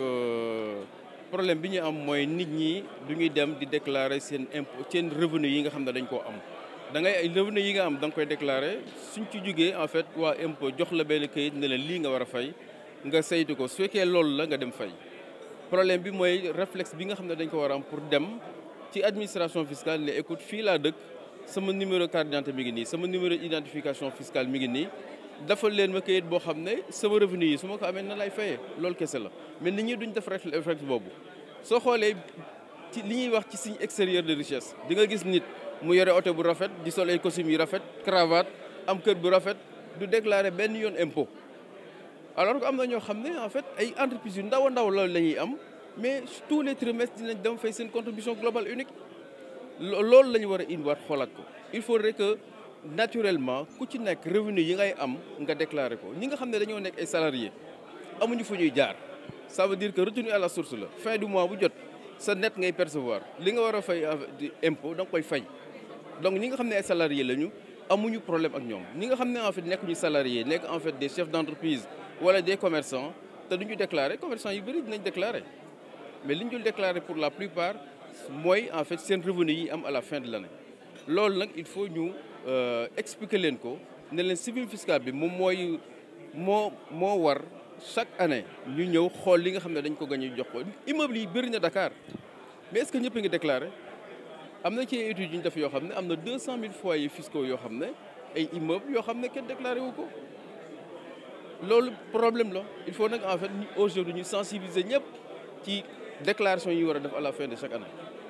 Euh, problème bi ñu am mooy nit ñi du ñuy dem di déclarer seen impôt seen revenu yi nga xam ne dañ koo am da ngay revenu yi nga am da nga koy déclarer suñ ci jógee en fait waa impôt jox la benn kayit ne la lii nga war a fay nga saytu ko su fekkee loolu la nga dem fay problème bi mooy réflexe bi nga xam ne dañ ko war a am pour dem ci administration fiscale ne écoute fii laa dëkk sama numéro carte d'identité mi ngi nii sama numéro identification fiscale mi ngi nii defal leen ma kayit boo xam ne sama revenu yi su ma ko amee na lay fayee loolu kese la mais nit ñi duñ def réflexe boobu soo xoolee ci li ñuy wax ci signe extérieur de richesse di nga gis nit mu yore oto bu rafet di sol ay costume yu rafet cravate am kër bu rafet du déclarer benn yoon impôt alors que am na ñoo xam ne en fait ay entreprises yu ndaw ndaw loolu la ñuy am mais tous les trimestres dinañ dem fay seen contribution globale unique loolu la ñu war a indiwaat xoolaat ko il faudrait que naturellement ku ci nekk revenu yi ngay am nga déclarer ko ñi nga xam ne dañoo nekk ay salariés amuñu fu ñuy jaar ça veut dire que retenu à la source la fin du mois bu jot sa net ngay percevoir li nga war a fay impôt da nga koy fay donc ñi nga xam ne ay salariés lañu amuñu problème ak ñoom ñi nga xam ne en fait nekkuñu salariés nekk en fait des chefs d'entreprise wala des commerçants te duñu déclarer commerçants yu bëri dinañ déclarer mais liñ dul déclarer pour la plupart mooy en fait seen revenu yi am à la fin de l' année loolu nag il faut ñu euh, expliquer leen ko ne leen civil fiscal bi moom mooy moo moo war chaque année ñu ñëw xool li nga xam ne dañ ko gañu jox ko immeuble yi bëri na Dakar mais est ce que ñëpp a ngi déclaré am na ci études yu ñu def yoo xam ne am na deux cent mille yi fiscaux yoo xam ne ay immeuble yoo xam ne kenn déclaré wu ko loolu problème la il faut nag en fait aujourd'hui ñu sensibiliser ñëpp déclaration yi war a def à la fin de chaque année